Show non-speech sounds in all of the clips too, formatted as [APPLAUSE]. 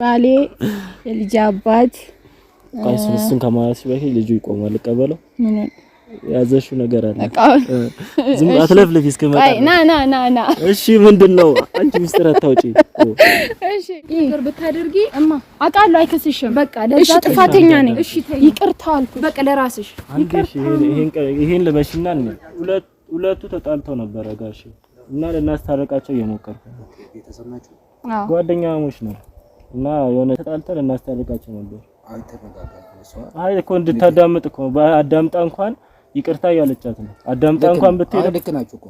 ባሌ የልጅ አባት ቃይስ እሱን ከማያስ በፊት ልጁ ይቆማል። ልቀበለው ያዘሹ ነገር አለ። ዝም አትለፍልፊ እስክመጣ ና ና ና ና። እሺ ምንድን ነው አንቺ ሚስጥር አታውጪ። እሺ ይቅር ብታደርጊ እማ አቃሉ አይከስሽም። በቃ እሺ፣ ጥፋተኛ ነኝ። እሺ ተይ ይቅርታ አልኩሽ። በቃ ለራስሽ ይቅርታ። ይሄን ይሄን ሁለት ሁለቱ ተጣልተው ነበረ ጋሽ እና ልናስታረቃቸው እየሞከርኩ ነው። ጓደኛሞች ነው እና የሆነ ተጣልተን እናስታርቃቸው ነበር። አይ እኮ እንድታዳምጥ እኮ አዳምጣ እንኳን ይቅርታ እያለቻት ነው። አዳምጣ እንኳን ብትሄድ ልክ ናችሁ እኮ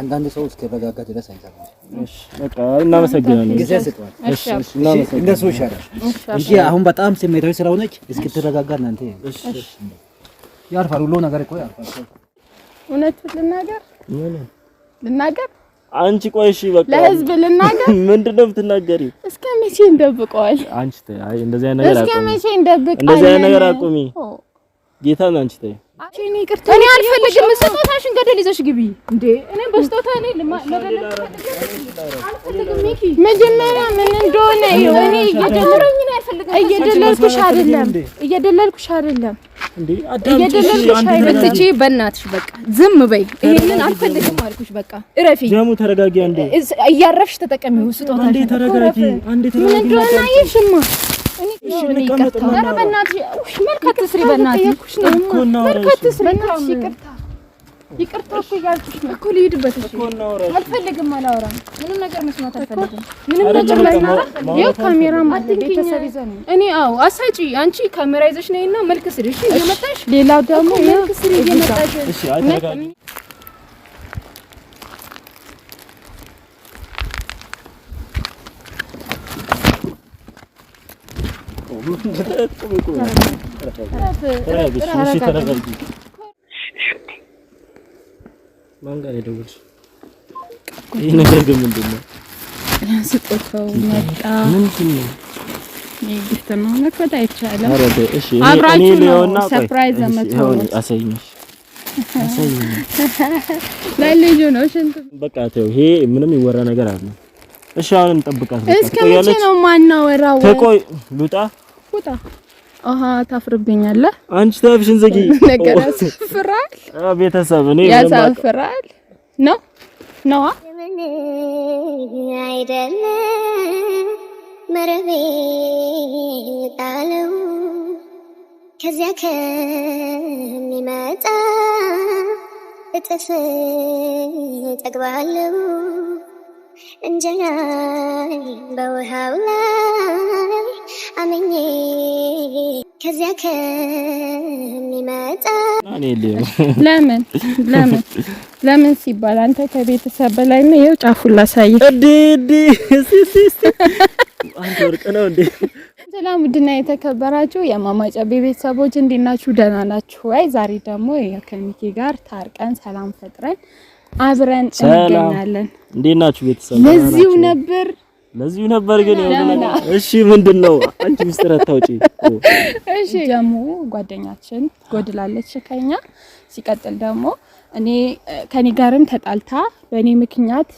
አንዳንድ ሰው እስከበጋጋ ድረስ አይተባል። እሺ በቃ እናመሰግናለን። እንደሱ ይሻላል። እሺ አሁን በጣም ስሜታዊ ስለሆነች እስክትረጋጋ እናንተ ያልፋል። ሁሉ ነገር እኮ ያልፋል። እውነቱን ልናገር ልናገር አንቺ ቆይ እሺ፣ በቃ ለህዝብ ልናገር። [LAUGHS] ምንድን ነው የምትናገሪው? እስከ መቼ እንደብቀዋል? አንቺ ተይ። አይ እንደዚህ አይነት ነገር አቁሚ፣ እንደዚህ አይነት ነገር አቁሚ። ጌታን አንቺ ተይ እኔ አልፈልግም። ስጦታሽን ገደል ይዘሽ ግቢ እንዴ! እኔ በስጦታ መጀመሪያ ምን እንደሆነ እየደለልኩሽ አይደለም፣ እየደለልኩሽ አይደለም፣ እየደለልኩሽ ብትቺ፣ በእናትሽ በቃ ዝም በይ። ይሄንን አልፈልግም አልኩሽ። በቃ እረፊ። ጀሙ ተረጋጊ። እያረፍሽ ተጠቀሚው ስጦታሽ። ምን እንደሆነ አየሽማ ይቅርታ እኮ እያልኩሽ ነው እኮ ልሂድበት። እሺ አልፈልግም፣ አላወራም። ምንም ነገር መስማት አልፈልግም። ምንም ነገር መስማት ያው ካሜራ ቤተሰብ እኔ አዎ፣ አሳጪ አንቺ ካሜራ ይዘሽ ነይና መልክ ስሪ። እሺ እየመጣሽ ሌላው ደግሞ መልክ ስሪ እየመጣሽ ማን ጋር የደወልሽ? ይህ ነገር ግን ምንድን ነው? ስጦታው መጣ። ምንድን ነው? የጊፍት ነው። መክፈት አይቻልም። አብራችሁ ነው ሰርፕራይዝ የምትሆኑት። አሳይሽ ለልጁ ነው። ሽንት በቃ ተው። ይሄ ምንም ይወራ ነገር አለ። እሺ አሁን እንጠብቃት። እስከ መቼ ነው ማናወራው? ተቆይ ሉጣ ውጣ። አሃ ታፍርብኛለ አንቺ ታፍሽን ዘጊ [LAUGHS] ነገር ያሳፍራል። አ ቤተሰብ እኔ ያሳፍራል ነው ነው አይደለ መረቤ ጣለው ከዚያ ከሚመጣ እጥፍ ጠግባለው እንጀራ በውሃው ላይ አመኜ ከዚያ ከሚመጣ ለምን ለምን ለምን ሲባል አንተ ከቤተሰብ በላይ ነው። ይኸው ጫፉን አንተ ወርቅ ነው እንዴ? ሰላም ውድና የተከበራችሁ የማማጨቤ ቤተሰቦች እንዴት ናችሁ? ደህና ናችሁ ወይ? ዛሬ ደግሞ ከሚኪ ጋር ታርቀን ሰላም ፈጥረን አብረን እንገኛለን። እንዴት ናችሁ ቤተሰብ? ለዚሁ ነበር ለዚሁ ነበር ግን እሺ፣ ምንድን ነው አንቺ ምስጢር አታውጪ። እሺ፣ ደግሞ ጓደኛችን ጎድላለች ከኛ። ሲቀጥል ደግሞ እኔ ከኔ ጋርም ተጣልታ በእኔ ምክንያት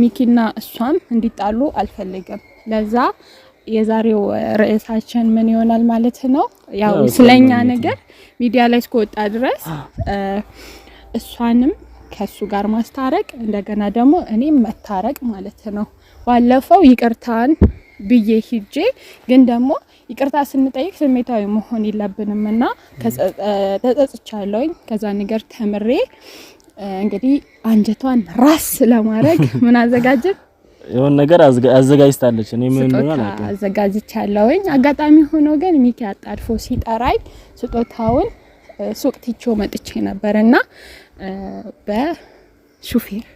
ሚኪና እሷም እንዲጣሉ አልፈልግም። ለዛ የዛሬው ርዕሳችን ምን ይሆናል ማለት ነው? ያው ስለኛ ነገር ሚዲያ ላይ እስከወጣ ድረስ እሷንም ከሱ ጋር ማስታረቅ እንደገና ደግሞ እኔም መታረቅ ማለት ነው። ባለፈው ይቅርታን ብዬ ሂጄ ግን ደግሞ ይቅርታ ስንጠይቅ ስሜታዊ መሆን የለብንም እና ተጸጽቻለሁኝ። ከዛ ነገር ተምሬ እንግዲህ አንጀቷን ራስ ለማድረግ [LAUGHS] ምን አዘጋጅም የሆን ነገር አዘጋጅታለች። እኔ ምን አዘጋጅቻለሁኝ። አጋጣሚ ሆኖ ግን ሚኪ አጣድፎ ሲጠራኝ ስጦታውን ሱቅ ትቼው መጥቼ ነበር እና በሹፌር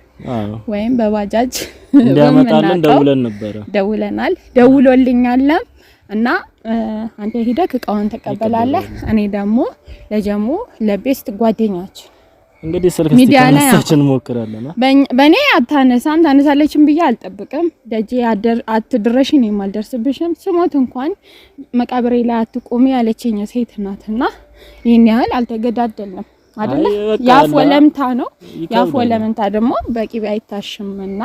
ወይም በባጃጅ እንዲያመጣልን ደውለን ነበረ። ደውለናል፣ ደውሎልኛለም እና አንተ ሂደህ እቃውን ተቀበላለህ። እኔ ደግሞ ለጀሙ ለቤስት ጓደኛች እንግዲህ ስልክ ስልካችን ሞክራለና በእኔ አታነሳም ታነሳለችም ብዬ አልጠብቅም። ደጄ አትድረሽ እኔም አልደርስብሽም ስሞት እንኳን መቃብሬ ላይ አትቆሚ ያለችኝ ሴት ናትና ይህን ያህል አልተገዳደልንም። አይደለ? ያፍ ወለምታ ነው። ያፍ ወለምታ ደግሞ በቂቤ አይታሽምና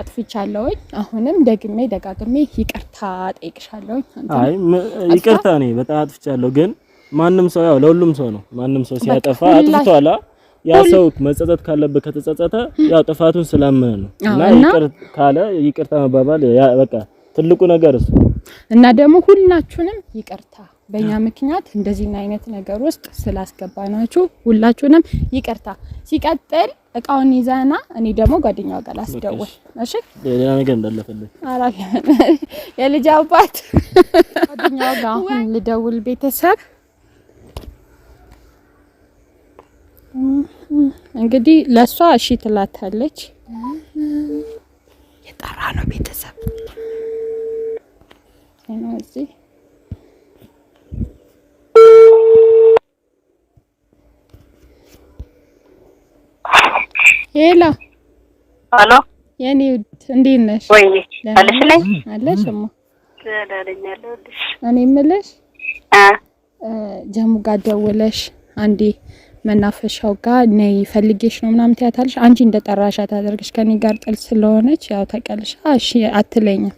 አጥፍቻለሁ። አሁንም ደግሜ ደጋግሜ ይቅርታ ጠይቅሻለሁኝ። አይ ይቅርታ ነው፣ በጣም አጥፍቻለሁ። ግን ማንም ሰው ያው ለሁሉም ሰው ነው። ማንም ሰው ሲያጠፋ አጥፍቷላ ያ ሰው መጸጸት ካለበት ከተጸጸተ ያው ጥፋቱን ስላመነ ነው እና ካለ ይቅርታ መባባል በቃ ትልቁ ነገር እሱ እና ደግሞ ሁላችሁንም ይቅርታ በእኛ ምክንያት እንደዚህና አይነት ነገር ውስጥ ስላስገባ ናችሁ ሁላችሁንም ይቅርታ። ሲቀጥል እቃውን ይዛና እኔ ደግሞ ጓደኛው ጋር ላስደውል። እሺ፣ ሌላ ነገር እንዳለፈልኝ አራፊ [LAUGHS] የልጅ አባት [LAUGHS] ጓደኛው ጋር አሁን ልደውል። ቤተሰብ እንግዲህ ለእሷ እሺ ትላታለች። የጠራ ነው ቤተሰብ እዚህ ሄሎ ሄሎ፣ የኔ ውድ እንዴት ነሽ? ወይ አለሽ አለሽ ማ እኔ የምልሽ ጀሙ ጋር ደውለሽ አንዴ መናፈሻው ጋር ነይ ፈልጌሽ ነው ምናምን ትያታለሽ። አንቺ እንደ ጠራሻ ታደርግሽ ከኔ ጋር ጥል ስለሆነች ያው ታውቂያለሽ። እሺ አትለኝም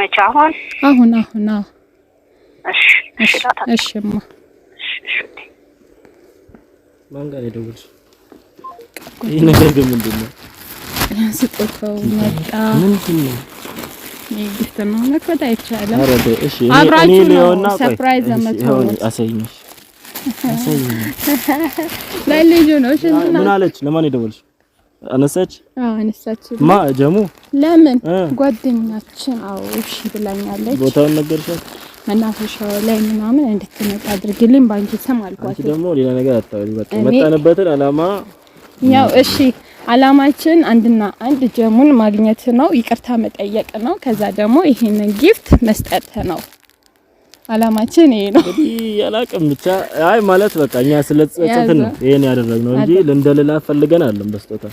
መቼ? አሁን አሁን አሁን እሽማ ማን ጋር የደወልሽ? ይህ ነገር ግን ምንድን ነው? ስጦታው መጣ። ምንድን ነው? ነው። መክፈት አይቻልም። አብራችሁ ነው ሰርፕራይዝ አሳይኝ፣ [LAUGHS] ነው። እሺ ምን አለች? ለማን የደወልሽ? አነሳች? አዎ አነሳች። ማ ጀሙ ለምን ጓደኛችን? አዎ እሺ ብላኛለች። ቦታውን ነገርሻት? መናፈሻ ላይ ምናምን እንድትመጣ አድርግልኝ ባንቺ ስም አልኳት። አንቺ ደግሞ ሌላ ነገር አታውሪ። በቃ መጣንበትን አላማ ያው እሺ፣ አላማችን አንድና አንድ ጀሙን ማግኘት ነው፣ ይቅርታ መጠየቅ ነው፣ ከዛ ደግሞ ይሄንን ጊፍት መስጠት ነው። አላማችን ይሄ ነው። እንግዲህ ያላቅም ብቻ አይ ማለት በቃ እኛ ስለጸጸትን ነው ይሄን ያደረግነው እንጂ ልንደልላ ፈልገን አለም በስጦታ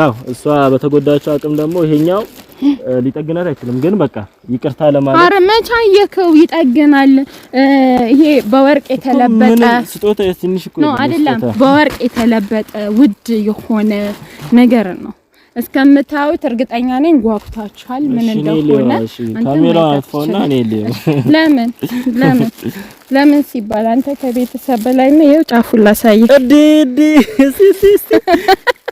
ያው እሷ በተጎዳቸው አቅም ደግሞ ይሄኛው ሊጠግናል አይችልም። ግን በቃ ይቅርታ ለማለት አረ መቻ የከው ይጠግናል። ይሄ በወርቅ የተለበጠ ስጦታ ትንሽ እኮ ነው አይደለም፣ በወርቅ የተለበጠ ውድ የሆነ ነገር ነው። እስከምታዩት እርግጠኛ ነኝ ጓጉታችኋል። ምን እንደሆነ ካሜራ አጥፋውና እኔ ለምን ለምን ለምን ሲባል አንተ ከቤተሰብ በላይ ነው። ይኸው ጫፉን ላሳየህ። እዲ እዲ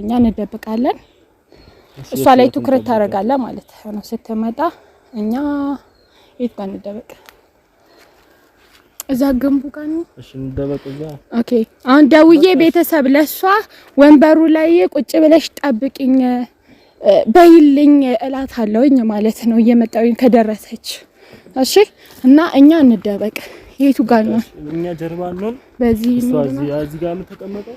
እኛ እንደብቃለን፣ እሷ ላይ ትኩረት ታደርጋለህ ማለት ነው። ስትመጣ እኛ የት ጋር እንደበቅ? እዛ ግንቡ ጋር ነው። እሺ እንደበቅ እዛ። ኦኬ አሁን ደውዬ ቤተሰብ ለሷ ወንበሩ ላይ ቁጭ ብለሽ ጠብቅኝ በይልኝ እላት አለውኝ ማለት ነው። እየመጣሁኝ ከደረሰች እሺ። እና እኛ እንደበቅ የቱ ጋር ነው? እኛ ጀርባ ነው። በዚህ ነው እዚህ ጋር ተቀመጠው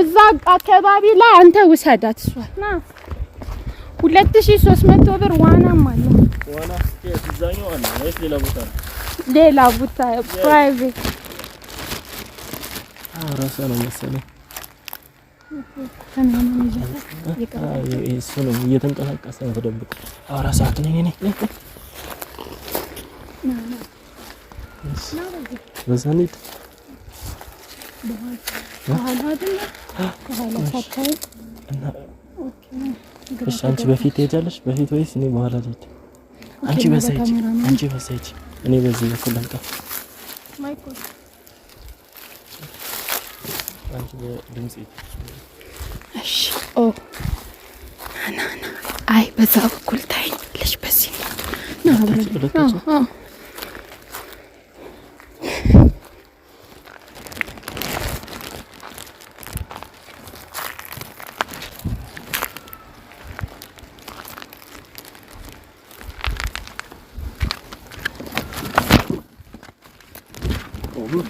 እዛ አካባቢ ላይ አንተ ውሰዳት። እሷ ሁለት ሺህ ሦስት መቶ ብር ዋናም አለ። ሌላ ቦታ ፕራይቬት እራሷ ነው መሰለኝ እሱ ነው እየተንቀሳቀሰ ነው ተደብቆ። አራት ሰዓት ነኝ እኔ በዛ አንቺ በፊት ትሄጃለሽ? በፊት ወይስ እኔ በኋላ? አንቺ በዛ ሂጂ፣ አንቺ በዛ ሂጂ። እኔ በዚህ በኩል ልምጣ። አይ በዛ በኩል ታይኝ ልጅ በዚህ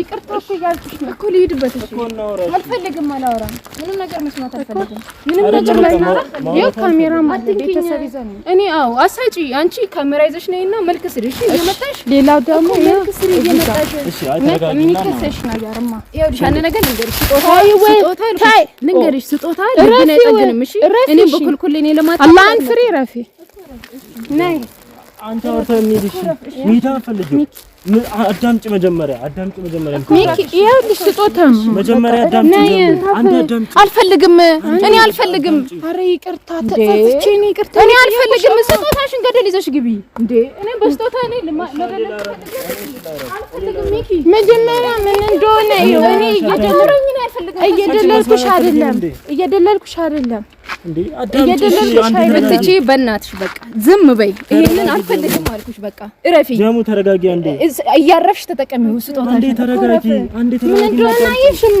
ይቅርታ እኮ እያልኩሽ ነው እኮ ልሂድበት። እሺ አልፈልግም፣ አላወራም። ምንም ነገር መስማት አልፈልግም። ምንም ነገር ላይ ነው ካሜራ ቤተሰብ ይዘን እኔ አዎ፣ አሳጪ አንቺ ካሜራ ይዘሽ ነይና መልክ ስሪ። እሺ እየመጣሽ ሌላው ደግሞ መልክ ስሪ እየመጣሽ የሚከሰሽ ነገርማ ይኸውልሽ፣ አንድ ነገር ልንገርሽ፣ ስጦታ ልንገርሽ፣ ስጦታ ልብን አይጠግንም። እሺ እኔም በኩልኩል እኔ ለማታ አላህን ፍሬ ረፊ ነይ አንተ አውርታ የሚል እሺ፣ ሚታ አልፈልግም። አዳምጪ መጀመሪያ፣ አዳምጪ መጀመሪያ። ሚኪ ይኸውልሽ፣ ስጦታም መጀመሪያ አዳምጪ። አንተ አዳምጪ። አልፈልግም፣ እኔ አልፈልግም። ኧረ ይቅርታ፣ ተጻጽቼ እኔ ይቅርታ፣ እኔ አልፈልግም። ስጦታሽን ገደል ይዘሽ ግቢ እንዴ! እኔ በስጦታ እኔ ሚኪ፣ መጀመሪያ ምን እንደሆነ እኔ እየደለልኩሽ አይደለም፣ እየደለልኩሽ አይደለም እየደለልሽ በእናትሽ በቃ ዝም በይ። ይሄንን አልፈልግም አልኩሽ። በቃ እረፊ። ጀሙ ተረጋጊ። አንዴ እያረፍሽ ተጠቀሚው ስጦታ። አንዴ ተረጋጊ። አንዴ ተረጋጊ። ምን እንደሆነ አየሽማ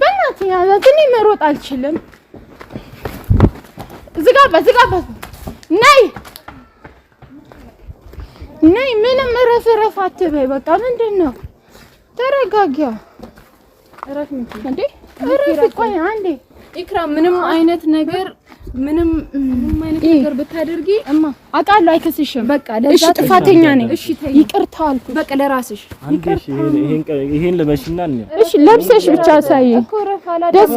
በእናት ያዛት። እኔ መሮጥ አልችልም። ዝጋባት ነይ ነይ። ምንም እረፍ እረፍ አትበይ። በቃ ምንድን ነው? እንዴ! ቆይ አንዴ ኢክራም፣ ምንም አይነት ነገር ምንም ምንም አይነት ነገር ብታደርጊ እማ አውቃለሁ፣ አይከስሽም። በቃ እሺ፣ ጥፋተኛ ነኝ። እሺ፣ ይቅርታ አልኩሽ። በቃ ለራስሽ ይሄን ልበሽና እሺ፣ ለብሰሽ ብቻ ሳይ ደስ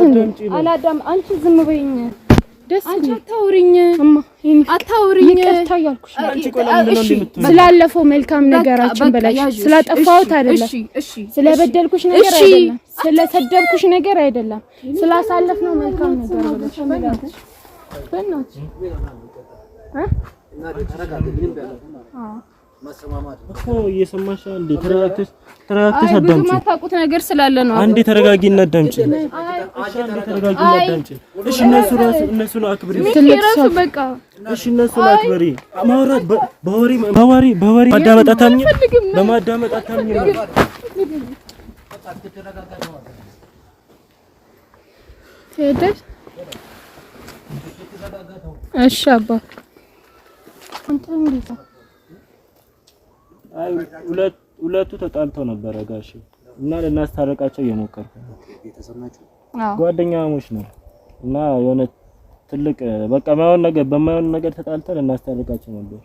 አላዳም። አንቺ ዝም በይኝ፣ ደስ አንቺ አታውሪኝ፣ እማ አታውሪኝ። ይቅርታ ያልኩሽ ስላለፈው መልካም ነገራችን በላሽ፣ ስላጠፋሁት አይደለም፣ ስለበደልኩሽ ነገር አይደለም፣ ስለሰደብኩሽ ነገር አይደለም፣ ስላሳለፍነው መልካም ነገር በላሽ እየሰማሽ የማታውቁት ነገር ስላለ ነው። አንዴ ተረጋጊ እና አዳምጪ። አክብሪ። እሺ አክብሪ። በወሬ ማዳመጥ በማዳመጥ እሺ አባ ሁለቱ ተጣልተው ነበረ ጋሽ እና ልናስታረቃቸው እየሞከርኩ ነው። ጓደኛሞች ነው እና የሆነ ትልቅ በቃ ማይሆን ነገር በማይሆን ነገር ተጣልተን ልናስታረቃቸው ነበር።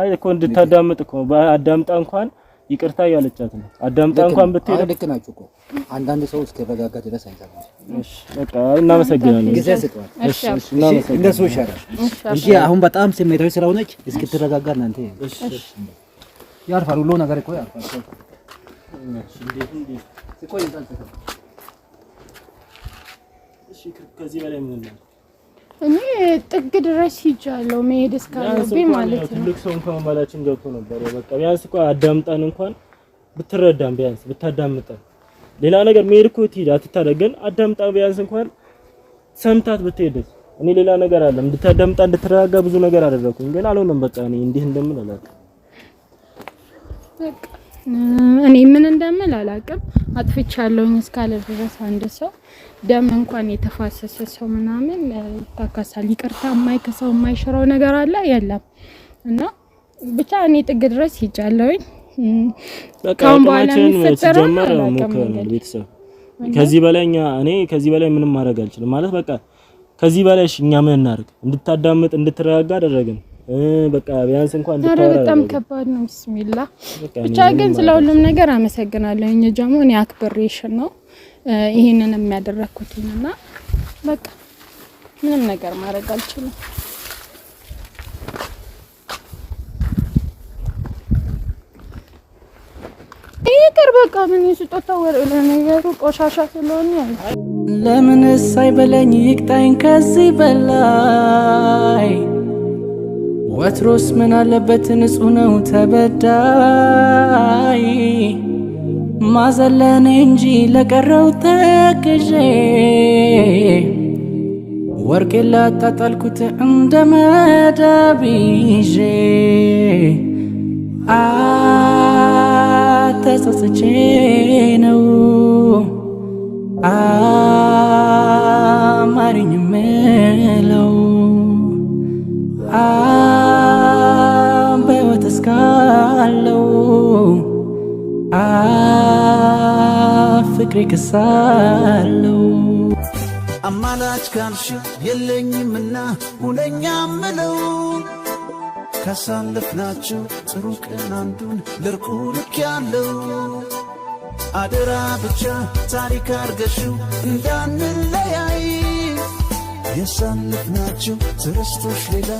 አይ እኮ እንድታዳምጥ እኮ አዳምጣ እንኳን ይቅርታ እያለቻት ነው። አዳምጣ እንኳን ብትሄድ ልክ ናችሁ እኮ አንዳንድ ሰው እስኪረጋጋ ድረስ አይተባል። እሺ በቃ እናመሰግናለን። ጊዜ ስጥዋል። እሺ እሺ፣ እንደሱ ይሻላል እሺ አሁን በጣም ስሜታዊ ስለሆነች እስክትረጋጋ እናንተ ያርፋል። ሁሉ ነገር እኮ ያርፋል። እሺ ከዚህ በላይ ምን እኔ ጥግ ድረስ ሂጃለሁ መሄድ እስካለብኝ ማለት ነው። ትልቅ ሰው እንኳን ባላችን ገብቶ ነበር። በቃ ቢያንስ እኮ አዳምጠን እንኳን ብትረዳም ቢያንስ ብታዳምጠን ሌላ ነገር መሄድ እኮ ትሄድ አትታደገን አዳምጣ ቢያንስ እንኳን ሰምታት ብትሄደች እኔ ሌላ ነገር አለ እንድታዳምጣ እንድትረጋጋ ብዙ ነገር አደረኩኝ፣ ግን አልሆነም። በቃ እኔ እንዲህ እንደምን አላውቅም በቃ እኔ ምን እንደምል አላውቅም። አጥፍቻለሁኝ እስካለ ድረስ አንድ ሰው ደም እንኳን የተፋሰሰ ሰው ምናምን ይታካሳል። ይቅርታ ሰው የማይሽረው ነገር አለ የለም። እና ብቻ እኔ ጥግ ድረስ ሂጃለሁኝ። ካሁን በኋላ ቤተሰብ ከዚህ በላይ እኛ እኔ ከዚህ በላይ ምንም ማድረግ አልችልም ማለት በቃ ከዚህ በላይ እኛ ምን እናደርግ እንድታዳምጥ እንድትረጋጋ አደረግን። በቃ ቢያንስ እንኳን እንድታወራ በጣም ከባድ ነው። ቢስሚላ ብቻ ግን ስለ ነገር አመሰግናለሁ። እኛ ጀሞ እኔ አክብሬሽን ነው ይሄንን የሚያደረኩትኝና በቃ ምንም ነገር ማድረግ አልችልም። ይቅር በቃ ምን ስጦታ ነገሩ ቆሻሻ ስለሆነ ለምንስ አይበለኝ ይቅጣኝ ከዚህ በላይ ወትሮስ ምን አለበት ንጹህ ነው ተበዳይ ማዘለኔ እንጂ ለቀረው ተክዤ ወርቄ ላጣጣልኩት እንደ መዳብ ይዤ አተጸጽቼ ነው ምለው አብ በሕይወት እስካለው አብ ፍቅሬ ክሳለው አማላጅ ካልሽ የለኝምና ሁነኛ ምለው ካሳለፍናቸው ጥሩ ቀን አንዱን ለርቁ ልክ ያለው አደራ ብቻ ታሪክ አርገሽው እንዳንለያይ የሳለፍናቸው ትረስቶች ሌላ